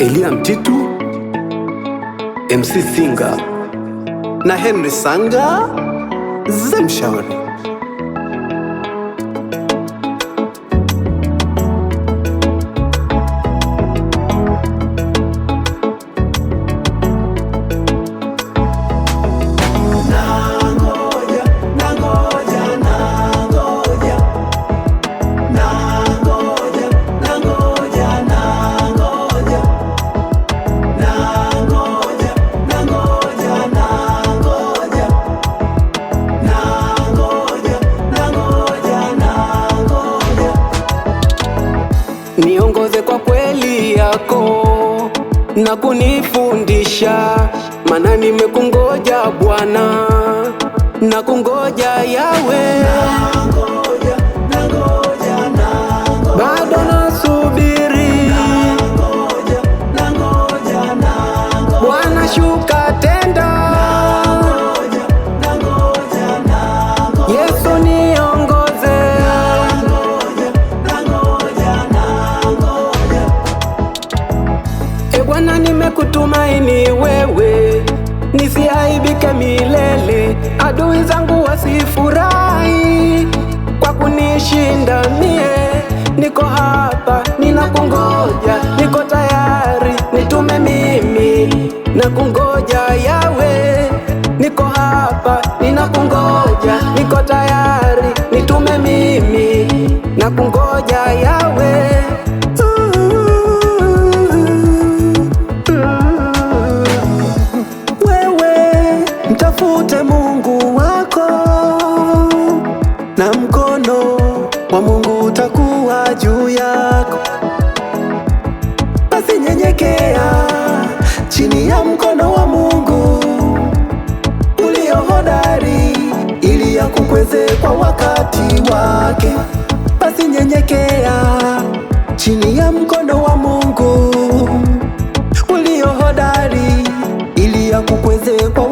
Elia Mtitu, MC Singa na Henry Sanga Zemshauri. niongoze kwa kweli yako na kunifundisha, maana nimekungoja Bwana na kungoja yawe Shuka tenda, Yesu ni Bwana, nimekutumaini wewe, nisiaibike milele. Adui zangu wasifurahi kwa kunishinda mie. Niko hapa ninakungoja, niko tayari, nitume mimi na kungoja yawe. Niko hapa ninakungoja, niko tayari Mungu wako na mkono wa Mungu utakuwa juu yako. Basi nyenyekea chini ya mkono wa Mungu ulio hodari, ili akukweze kwa wakati wake. Basi nyenyekea chini ya mkono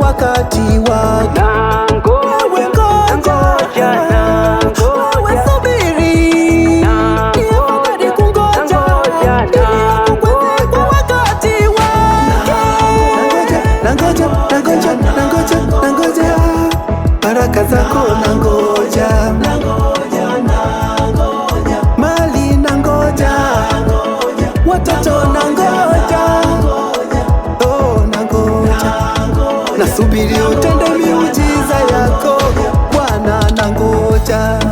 wakati wake. nasubiri utende miujiza yako Bwana, nangoja